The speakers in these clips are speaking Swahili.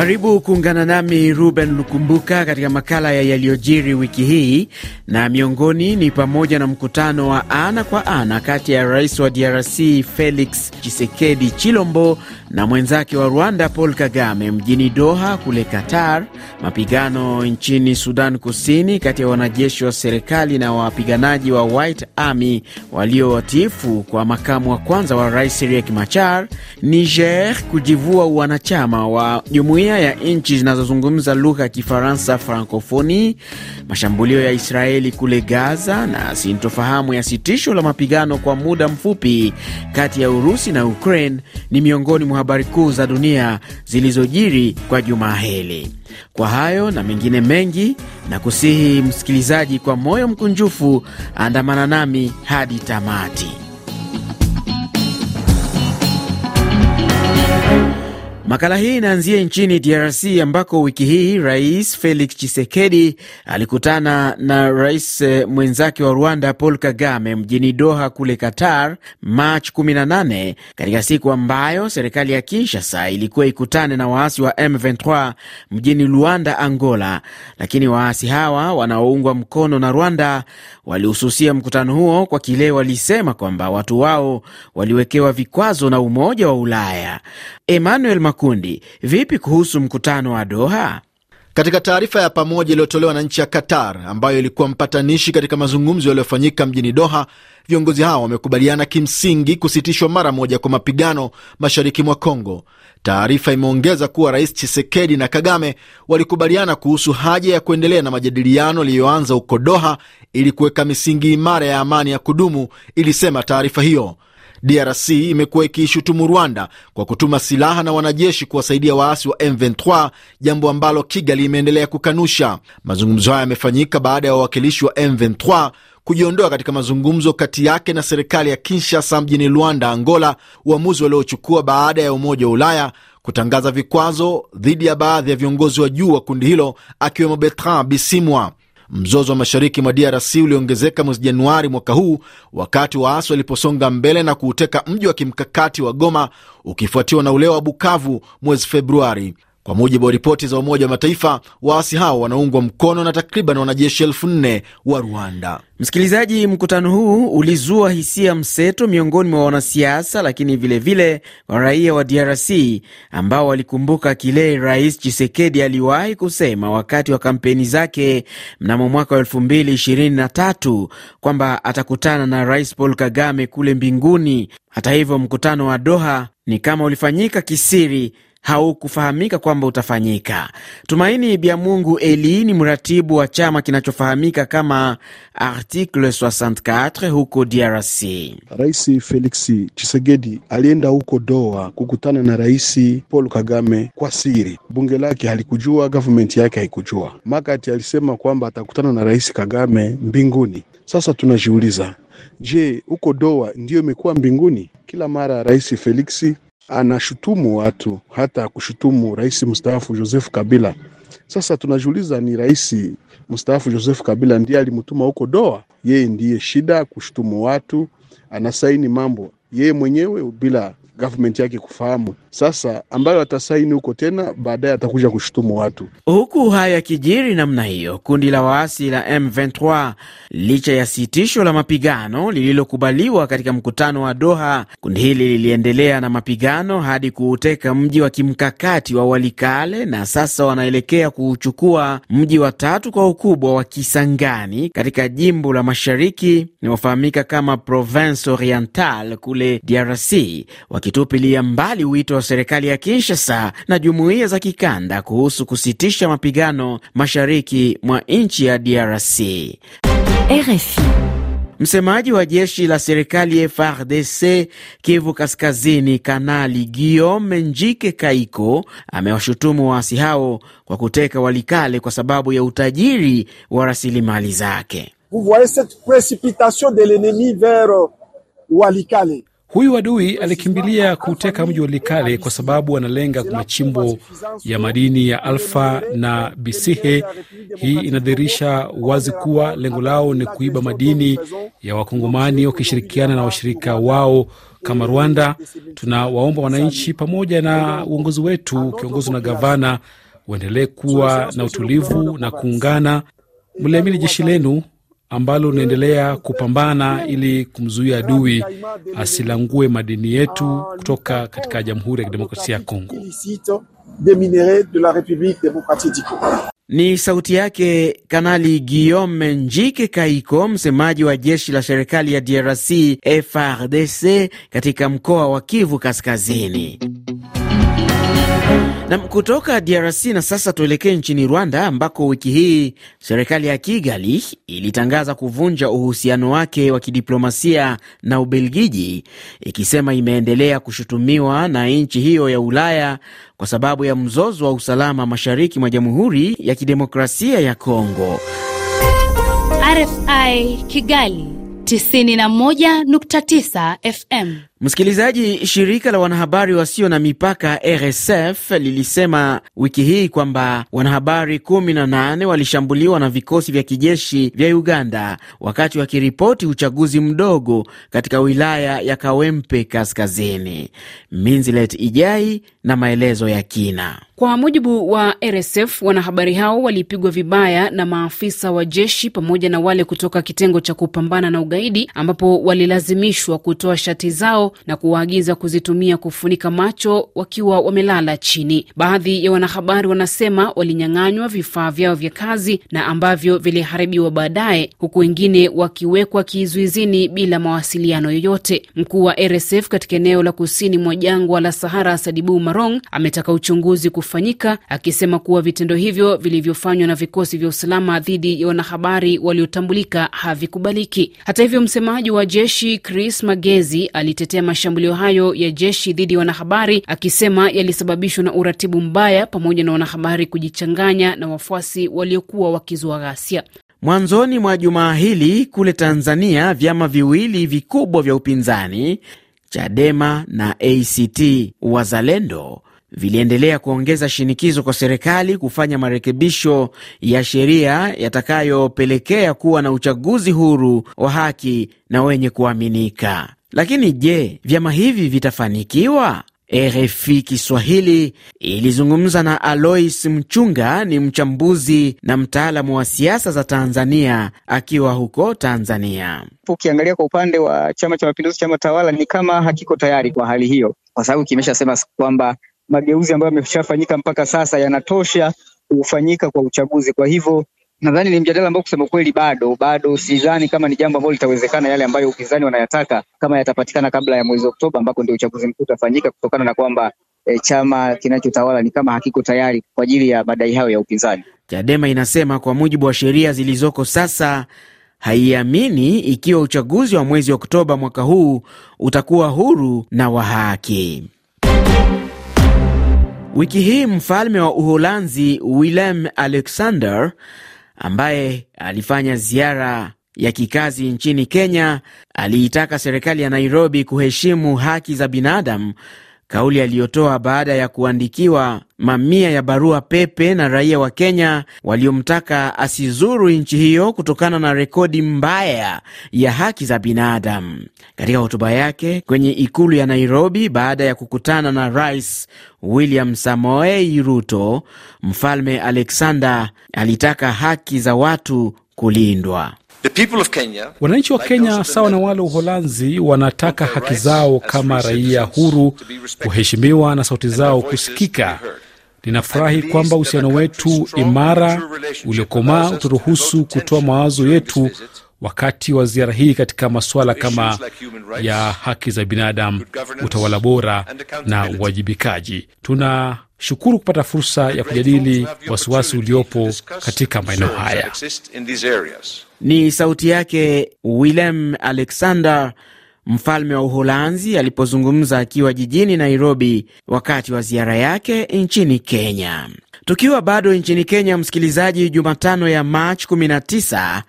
Karibu kuungana nami Ruben Lukumbuka katika makala ya yaliyojiri wiki hii, na miongoni ni pamoja na mkutano wa ana kwa ana kati ya rais wa DRC Felix Tshisekedi Chilombo na mwenzake wa Rwanda Paul Kagame mjini Doha kule Qatar. Mapigano nchini Sudan Kusini kati ya wanajeshi wa serikali na wapiganaji wa White Army walio watiifu kwa makamu wa kwanza wa rais Riek Machar. Niger kujivua wanachama wa jumuiya ya nchi zinazozungumza lugha ya Kifaransa, Francofoni. Mashambulio ya Israeli kule Gaza na sintofahamu ya sitisho la mapigano kwa muda mfupi kati ya Urusi na Ukraine ni miongoni mwa habari kuu za dunia zilizojiri kwa jumaa hili. Kwa hayo na mengine mengi, na kusihi msikilizaji kwa moyo mkunjufu andamana nami hadi tamati. Makala hii inaanzia nchini DRC ambako wiki hii Rais Felix Tshisekedi alikutana na rais eh, mwenzake wa Rwanda Paul Kagame mjini Doha kule Qatar Machi 18 katika siku ambayo serikali ya Kinshasa ilikuwa ikutane na waasi wa M23 mjini Luanda, Angola, lakini waasi hawa wanaoungwa mkono na Rwanda walihususia mkutano huo kwa kile walisema kwamba watu wao waliwekewa vikwazo na Umoja wa Ulaya. Emmanuel Macron makundi. Vipi kuhusu mkutano wa Doha? Katika taarifa ya pamoja iliyotolewa na nchi ya Qatar ambayo ilikuwa mpatanishi katika mazungumzo yaliyofanyika mjini Doha, viongozi hao wamekubaliana kimsingi kusitishwa mara moja kwa mapigano mashariki mwa Kongo. Taarifa imeongeza kuwa Rais chisekedi na Kagame walikubaliana kuhusu haja ya kuendelea na majadiliano yaliyoanza huko Doha ili kuweka misingi imara ya amani ya kudumu, ilisema taarifa hiyo. DRC imekuwa ikiishutumu Rwanda kwa kutuma silaha na wanajeshi kuwasaidia waasi wa M23, jambo ambalo Kigali imeendelea kukanusha. Mazungumzo haya yamefanyika baada ya wawakilishi wa M23 kujiondoa katika mazungumzo kati yake na serikali ya Kinshasa mjini Luanda, Angola, uamuzi waliochukua baada ya Umoja wa Ulaya kutangaza vikwazo dhidi ya baadhi ya viongozi wa juu wa kundi hilo akiwemo Bertrand Bisimwa. Mzozo wa mashariki mwa DRC uliongezeka mwezi Januari mwaka huu wakati waasi waliposonga mbele na kuuteka mji wa kimkakati wa Goma ukifuatiwa na ule wa Bukavu mwezi Februari. Kwa mujibu wa ripoti za Umoja wa Mataifa, waasi hao wanaungwa mkono na takriban wanajeshi elfu nne wa Rwanda. Msikilizaji, mkutano huu ulizua hisia mseto miongoni mwa wanasiasa, lakini vilevile wa raia wa DRC ambao walikumbuka kile Rais chisekedi aliwahi kusema wakati wa kampeni zake mnamo mwaka wa 2023 kwamba atakutana na Rais Paul Kagame kule mbinguni. Hata hivyo, mkutano wa Doha ni kama ulifanyika kisiri haukufahamika kwamba utafanyika. Tumaini bya mungu Eli ni mratibu wa chama kinachofahamika kama Article 64 huko DRC. Rais Felix chisegedi alienda huko Doha kukutana na Rais Paul Kagame kwa siri. Bunge lake halikujua, gavumenti yake haikujua. Makati alisema kwamba atakutana na Rais Kagame mbinguni. Sasa tunajiuliza, je, huko Doha ndiyo imekuwa mbinguni? Kila mara Rais Feliksi anashutumu watu, hata kushutumu rais mstaafu Joseph Kabila. Sasa tunajiuliza ni rais mstaafu Joseph Kabila ndiye alimtuma huko doa? Yeye ndiye shida kushutumu watu, anasaini mambo yeye mwenyewe bila government yake kufahamu sasa, ambayo atasaini huko tena baadaye atakuja kushutumu watu. Huku haya yakijiri namna hiyo, kundi la waasi la M23 licha ya sitisho la mapigano lililokubaliwa katika mkutano wa Doha, kundi hili liliendelea na mapigano hadi kuuteka mji wa kimkakati wa Walikale na sasa wanaelekea kuuchukua mji wa tatu kwa ukubwa wa Kisangani katika jimbo la mashariki inayofahamika kama Province Oriental kule DRC waki ikitupilia mbali wito wa serikali ya Kinshasa na jumuiya za kikanda kuhusu kusitisha mapigano mashariki mwa nchi ya DRC. RFI. Msemaji wa jeshi la serikali frdc Kivu Kaskazini, Kanali Guillaume Njike Kaiko amewashutumu waasi hao kwa kuteka Walikale kwa sababu ya utajiri wa rasilimali zake. Vous voyez cette précipitation de l'ennemi vers Walikale. Huyu adui alikimbilia kuteka mji wa Likale kwa sababu analenga machimbo ya madini ya Alfa na Bisihe. Hii inadhihirisha wazi kuwa lengo lao ni kuiba madini ya Wakongomani wakishirikiana na washirika wao kama Rwanda. Tunawaomba wananchi pamoja na uongozi wetu ukiongozwa na gavana uendelee kuwa na utulivu na kuungana. Mliamini jeshi lenu ambalo unaendelea kupambana ili kumzuia adui asilangue madini yetu kutoka katika Jamhuri ya Kidemokrasia ya Kongo. Ni sauti yake Kanali Guillaume Njike Kaiko, msemaji wa jeshi la serikali ya DRC frdc katika mkoa wa Kivu Kaskazini. Nam kutoka DRC na sasa tuelekee nchini Rwanda ambako wiki hii serikali ya Kigali ilitangaza kuvunja uhusiano wake wa kidiplomasia na Ubelgiji, ikisema imeendelea kushutumiwa na nchi hiyo ya Ulaya kwa sababu ya mzozo wa usalama mashariki mwa Jamhuri ya Kidemokrasia ya Kongo. RFI Kigali 91.9 FM. Msikilizaji, shirika la wanahabari wasio na mipaka RSF lilisema wiki hii kwamba wanahabari 18 walishambuliwa na vikosi vya kijeshi vya Uganda wakati wakiripoti uchaguzi mdogo katika wilaya ya Kawempe Kaskazini. Minzilet Ijai na maelezo ya kina. Kwa mujibu wa RSF, wanahabari hao walipigwa vibaya na maafisa wa jeshi pamoja na wale kutoka kitengo cha kupambana na ugaidi, ambapo walilazimishwa kutoa shati zao na kuwaagiza kuzitumia kufunika macho wakiwa wamelala chini. Baadhi ya wanahabari wanasema walinyang'anywa vifaa vyao vya kazi na ambavyo viliharibiwa baadaye, huku wengine wakiwekwa kizuizini bila mawasiliano yoyote. Mkuu wa RSF katika eneo la kusini mwa jangwa la Sahara, Sadibu Marong, ametaka uchunguzi kufanyika, akisema kuwa vitendo hivyo vilivyofanywa na vikosi vya usalama dhidi ya wanahabari waliotambulika havikubaliki. Hata hivyo, msemaji wa jeshi Chris Magezi alitetea ya mashambulio hayo ya jeshi dhidi ya wanahabari, akisema yalisababishwa na uratibu mbaya pamoja na wanahabari kujichanganya na wafuasi waliokuwa wakizua ghasia. Mwanzoni mwa jumaa hili kule Tanzania, vyama viwili vikubwa vya upinzani Chadema na ACT Wazalendo viliendelea kuongeza shinikizo kwa serikali kufanya marekebisho ya sheria yatakayopelekea kuwa na uchaguzi huru wa haki na wenye kuaminika. Lakini je, vyama hivi vitafanikiwa? RFI Kiswahili ilizungumza na Alois Mchunga, ni mchambuzi na mtaalamu wa siasa za Tanzania akiwa huko Tanzania. Ukiangalia kwa upande wa Chama cha Mapinduzi, chama tawala, ni kama hakiko tayari kwa hali hiyo, kwa sababu kimeshasema kwamba mageuzi ambayo yameshafanyika mpaka sasa yanatosha kufanyika kwa uchaguzi. Kwa hivyo nadhani ni mjadala ambao kusema kweli bado bado sidhani kama ni jambo ambalo litawezekana, yale ambayo upinzani wanayataka kama yatapatikana kabla ya mwezi Oktoba ambako ndio uchaguzi mkuu utafanyika, kutokana na kwamba e, chama kinachotawala ni kama hakiko tayari kwa ajili ya madai hayo ya upinzani. Chadema inasema kwa mujibu wa sheria zilizoko sasa haiamini ikiwa uchaguzi wa mwezi Oktoba mwaka huu utakuwa huru na wa haki. Wiki hii mfalme wa Uholanzi Willem Alexander ambaye alifanya ziara ya kikazi nchini Kenya aliitaka serikali ya Nairobi kuheshimu haki za binadamu kauli aliyotoa baada ya kuandikiwa mamia ya barua pepe na raia wa Kenya waliomtaka asizuru nchi hiyo kutokana na rekodi mbaya ya haki za binadamu. Katika hotuba yake kwenye ikulu ya Nairobi baada ya kukutana na Rais William Samoei Ruto, Mfalme Alexander alitaka haki za watu kulindwa. Wananchi wa Kenya sawa na wale Uholanzi wanataka haki zao kama raia huru kuheshimiwa na sauti zao kusikika. Ninafurahi kwamba uhusiano wetu imara uliokomaa uturuhusu kutoa mawazo yetu wakati wa ziara hii katika masuala kama ya haki za binadamu, utawala bora na uwajibikaji. tunashukuru kupata fursa ya kujadili wasiwasi uliopo katika maeneo haya. Ni sauti yake Willem Alexander, mfalme wa Uholanzi, alipozungumza akiwa jijini Nairobi wakati wa ziara yake nchini Kenya. Tukiwa bado nchini Kenya, msikilizaji, Jumatano ya Machi 19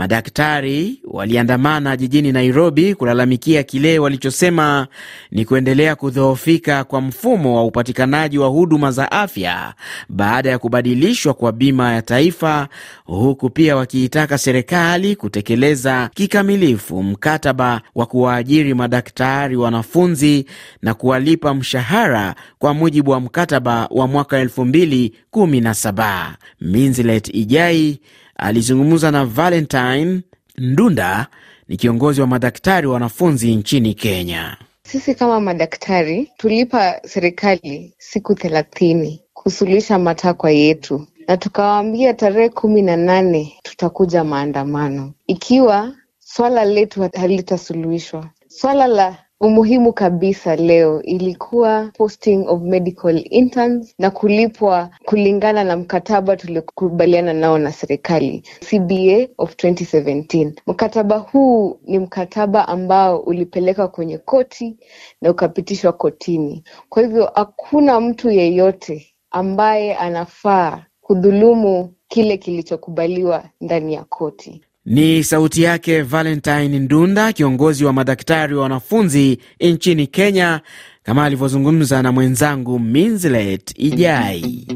Madaktari waliandamana jijini Nairobi kulalamikia kile walichosema ni kuendelea kudhoofika kwa mfumo wa upatikanaji wa huduma za afya baada ya kubadilishwa kwa bima ya taifa, huku pia wakiitaka serikali kutekeleza kikamilifu mkataba wa kuwaajiri madaktari wanafunzi na kuwalipa mshahara kwa mujibu wa mkataba wa mwaka 2017. Minzilet Ijai alizungumza na Valentine Ndunda, ni kiongozi wa madaktari wanafunzi nchini Kenya. Sisi kama madaktari tulipa serikali siku thelathini kusuluhisha matakwa yetu, na tukawaambia tarehe kumi na nane tutakuja maandamano ikiwa swala letu halitasuluhishwa. Swala la umuhimu kabisa leo ilikuwa posting of medical interns na kulipwa kulingana na mkataba tuliokubaliana nao na serikali CBA of 2017. Mkataba huu ni mkataba ambao ulipelekwa kwenye koti na ukapitishwa kotini. Kwa hivyo hakuna mtu yeyote ambaye anafaa kudhulumu kile kilichokubaliwa ndani ya koti. Ni sauti yake Valentine Ndunda, kiongozi wa madaktari wa wanafunzi nchini Kenya, kama alivyozungumza na mwenzangu minslet Ijai.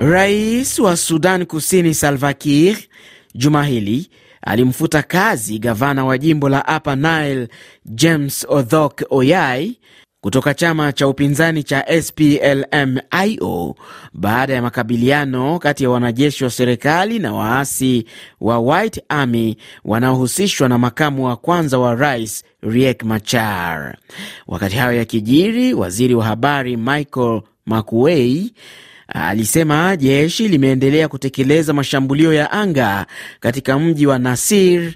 Rais wa Sudan Kusini Salva Kiir juma hili alimfuta kazi gavana wa jimbo la Upper Nile James Odhok Oyai kutoka chama cha upinzani cha SPLM-IO baada ya makabiliano kati ya wanajeshi wa serikali na waasi wa White Army wanaohusishwa na makamu wa kwanza wa rais Riek Machar. Wakati hayo ya kijiri, waziri wa habari Michael Makuei alisema jeshi limeendelea kutekeleza mashambulio ya anga katika mji wa Nasir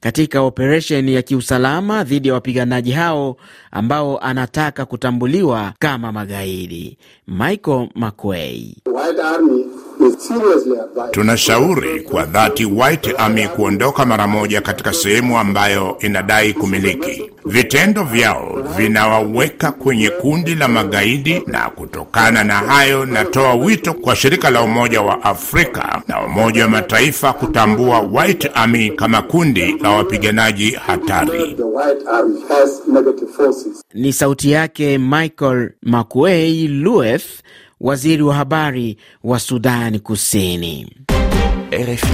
katika operesheni ya kiusalama dhidi ya wapiganaji hao ambao anataka kutambuliwa kama magaidi. Michael Makwei Tunashauri kwa dhati White Army kuondoka mara moja katika sehemu ambayo inadai kumiliki. Vitendo vyao vinawaweka kwenye kundi la magaidi, na kutokana na hayo, natoa wito kwa shirika la Umoja wa Afrika na Umoja wa Mataifa kutambua White Army kama kundi la wapiganaji hatari. Ni sauti yake Michael Makuei Lueth waziri wa habari wa Sudan Kusini. RFI.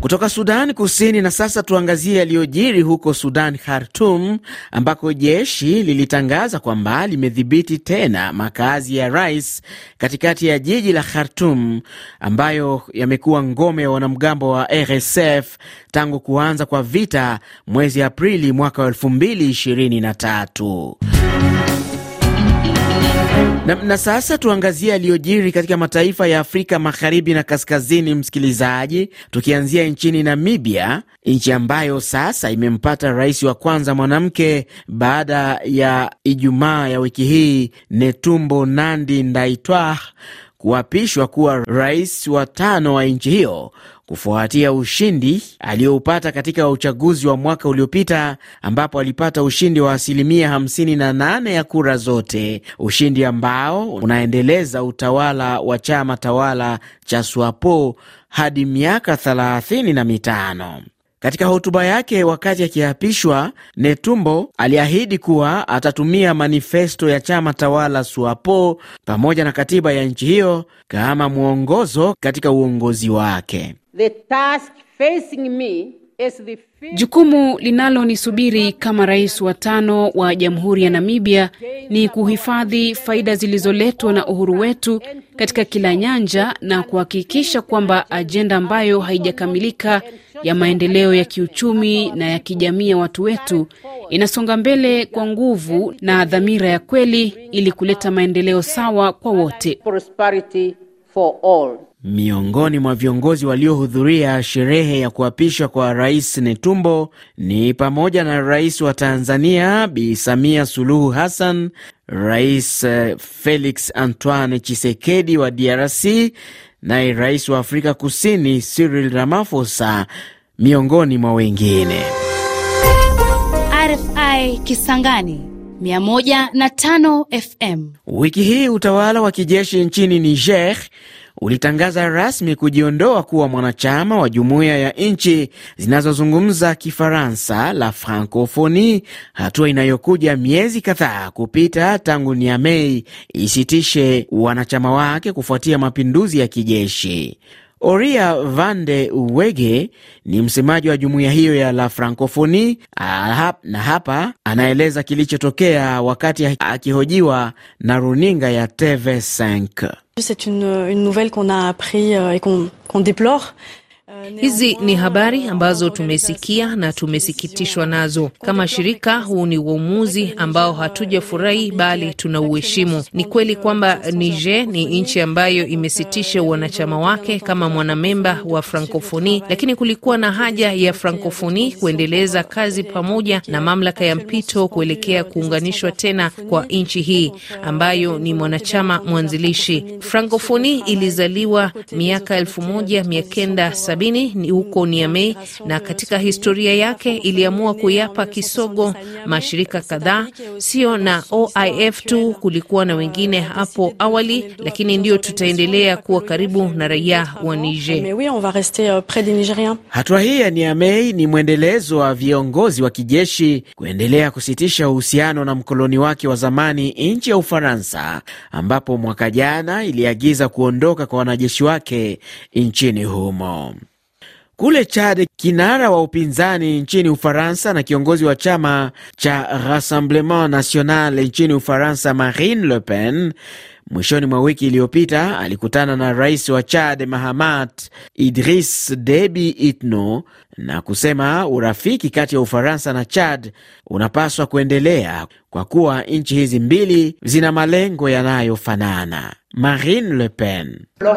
Kutoka Sudani Kusini. Na sasa tuangazie yaliyojiri huko Sudan, Khartum, ambako jeshi lilitangaza kwamba limedhibiti tena makazi ya rais katikati ya jiji la Khartum, ambayo yamekuwa ngome ya wanamgambo wa RSF tangu kuanza kwa vita mwezi Aprili mwaka wa 2023. Na, na sasa tuangazie yaliyojiri katika mataifa ya Afrika magharibi na kaskazini, msikilizaji, tukianzia nchini Namibia, nchi ambayo sasa imempata rais wa kwanza mwanamke baada ya Ijumaa ya wiki hii Netumbo Nandi Ndaitwah kuapishwa kuwa rais wa tano wa nchi hiyo kufuatia ushindi aliyoupata katika uchaguzi wa mwaka uliopita ambapo alipata ushindi wa asilimia 58 ya kura zote, ushindi ambao unaendeleza utawala wa chama tawala cha SWAPO hadi miaka 35. Katika hotuba yake wakati akiapishwa, Netumbo aliahidi kuwa atatumia manifesto ya chama tawala SWAPO pamoja na katiba ya nchi hiyo kama mwongozo katika uongozi wake. The task facing me is the... Jukumu linalonisubiri kama rais wa tano wa Jamhuri ya Namibia ni kuhifadhi faida zilizoletwa na uhuru wetu katika kila nyanja na kuhakikisha kwamba ajenda ambayo haijakamilika ya maendeleo ya kiuchumi na ya kijamii ya watu wetu inasonga mbele kwa nguvu na dhamira ya kweli ili kuleta maendeleo sawa kwa wote. Miongoni mwa viongozi waliohudhuria sherehe ya kuapishwa kwa Rais Netumbo ni pamoja na Rais wa Tanzania Bi Samia Suluhu Hassan, Rais eh, Felix Antoine Chisekedi wa DRC naye rais wa Afrika Kusini Cyril Ramaphosa miongoni mwa wengine. RFI Kisangani 105 FM. Wiki hii utawala wa kijeshi nchini Niger ulitangaza rasmi kujiondoa kuwa mwanachama wa jumuiya ya nchi zinazozungumza Kifaransa la francofoni hatua inayokuja miezi kadhaa kupita tangu Niamey isitishe wanachama wake kufuatia mapinduzi ya kijeshi. Oria Vande Uwege ni msemaji wa jumuiya hiyo ya La francofoni ah, na hapa anaeleza kilichotokea wakati akihojiwa na runinga ya TV5. C'est une, nouvelle qu'on a appris euh, et qu'on déplore, Hizi ni habari ambazo tumesikia na tumesikitishwa nazo. Kama shirika, huu ni uamuzi ambao hatujafurahi, bali tunauheshimu. Ni kweli kwamba Niger ni nchi ambayo imesitisha wanachama wake kama mwanamemba wa Frankofoni, lakini kulikuwa na haja ya Frankofoni kuendeleza kazi pamoja na mamlaka ya mpito kuelekea kuunganishwa tena kwa nchi hii ambayo ni mwanachama mwanzilishi. Frankofoni ilizaliwa miaka elfu moja mia kenda sabini ni huko Niamey, na katika historia yake iliamua kuyapa kisogo mashirika kadhaa, sio na OIF tu, kulikuwa na wengine hapo awali, lakini ndio tutaendelea kuwa karibu na raia wa Niger. Euh, Hatua hii ya Niamey ni mwendelezo wa viongozi wa kijeshi kuendelea kusitisha uhusiano na mkoloni wake wa zamani, nchi ya Ufaransa, ambapo mwaka jana iliagiza kuondoka kwa wanajeshi wake nchini humo. Kule Chad, kinara wa upinzani nchini Ufaransa na kiongozi wa chama cha Rassemblement National nchini Ufaransa, Marine Le Pen Mwishoni mwa wiki iliyopita alikutana na rais wa Chad Mahamat Idris debi Itno na kusema urafiki kati ya Ufaransa na Chad unapaswa kuendelea kwa kuwa nchi hizi mbili zina malengo yanayofanana. Marine Le Pen: euh,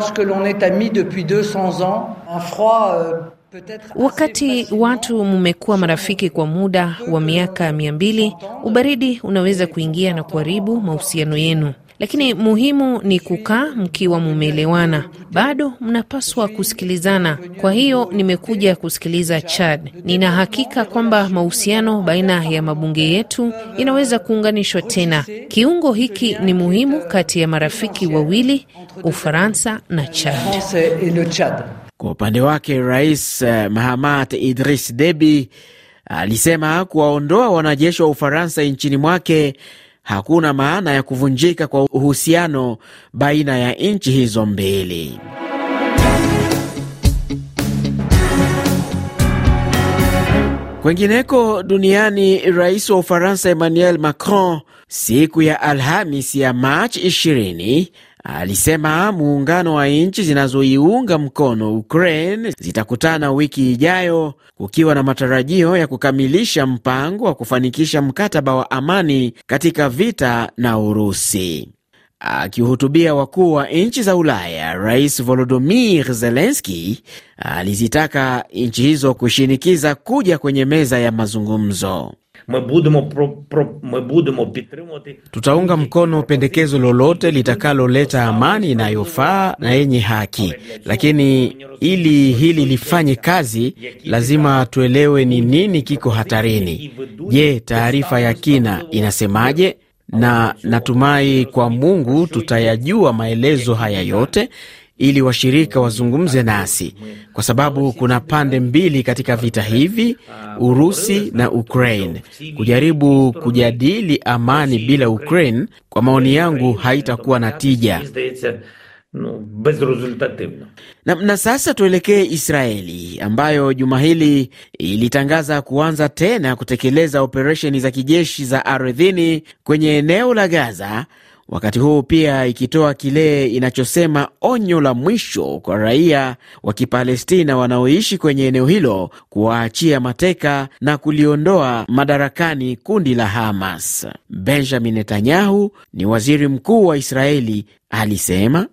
Wakati watu mmekuwa marafiki kwa muda wa miaka mia mbili, ubaridi unaweza kuingia na kuharibu mahusiano yenu lakini muhimu ni kukaa mkiwa mumeelewana. Bado mnapaswa kusikilizana. Kwa hiyo nimekuja kusikiliza Chad. Nina hakika kwamba mahusiano baina ya mabunge yetu inaweza kuunganishwa tena. Kiungo hiki ni muhimu kati ya marafiki wawili, Ufaransa na Chad. Kwa upande wake, Rais eh, Mahamat Idris Deby alisema kuwaondoa wanajeshi wa Ufaransa nchini mwake hakuna maana ya kuvunjika kwa uhusiano baina ya nchi hizo mbili. Kwengineko duniani, rais wa Ufaransa Emmanuel Macron siku ya Alhamis ya Machi 20 alisema muungano wa nchi zinazoiunga mkono Ukraine zitakutana wiki ijayo kukiwa na matarajio ya kukamilisha mpango wa kufanikisha mkataba wa amani katika vita na Urusi. Akihutubia wakuu wa nchi za Ulaya, Rais Volodymyr Zelensky alizitaka nchi hizo kushinikiza kuja kwenye meza ya mazungumzo. Tutaunga mkono pendekezo lolote litakaloleta amani inayofaa na yenye haki, lakini ili hili lifanye kazi, lazima tuelewe ni nini kiko hatarini. Je, taarifa ya kina inasemaje? Na natumai kwa Mungu tutayajua maelezo haya yote ili washirika wazungumze nasi, kwa sababu kuna pande mbili katika vita hivi, Urusi na Ukraine. Kujaribu kujadili amani bila Ukraine, kwa maoni yangu, haitakuwa na tija. Na, na sasa tuelekee Israeli ambayo juma hili ilitangaza kuanza tena kutekeleza operesheni za kijeshi za ardhini kwenye eneo la Gaza wakati huu pia ikitoa kile inachosema onyo la mwisho kwa raia wa Kipalestina wanaoishi kwenye eneo hilo kuwaachia mateka na kuliondoa madarakani kundi la Hamas. Benjamin Netanyahu ni waziri mkuu wa Israeli, alisema: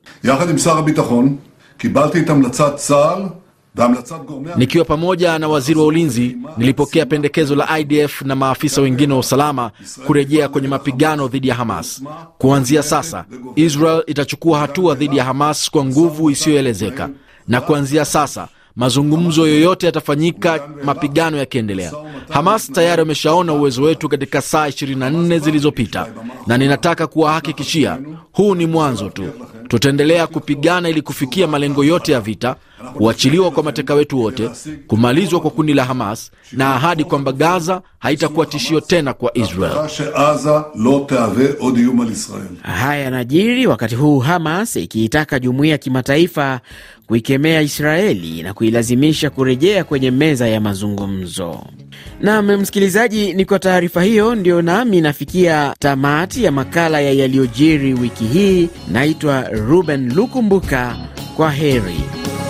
Nikiwa pamoja na waziri wa ulinzi, nilipokea pendekezo la IDF na maafisa wengine wa usalama kurejea kwenye mapigano dhidi ya Hamas. Kuanzia sasa, Israel itachukua hatua dhidi ya Hamas kwa nguvu isiyoelezeka, na kuanzia sasa mazungumzo yoyote yatafanyika mapigano yakiendelea. Hamas tayari wameshaona uwezo wetu katika saa 24 zilizopita, na ninataka kuwahakikishia huu ni mwanzo tu. Tutaendelea kupigana ili kufikia malengo yote ya vita, kuachiliwa kwa mateka wetu wote, kumalizwa kwa kundi la Hamas na ahadi kwamba Gaza haitakuwa tishio tena kwa Israel. Haya yanajiri wakati huu Hamas ikiitaka jumuiya ya kimataifa kuikemea Israeli na kuilazimisha kurejea kwenye meza ya mazungumzo. Nam msikilizaji, ni kwa taarifa hiyo ndio nami nafikia tamati ya makala ya yaliyojiri wiki hii. Naitwa Ruben Lukumbuka, kwa heri.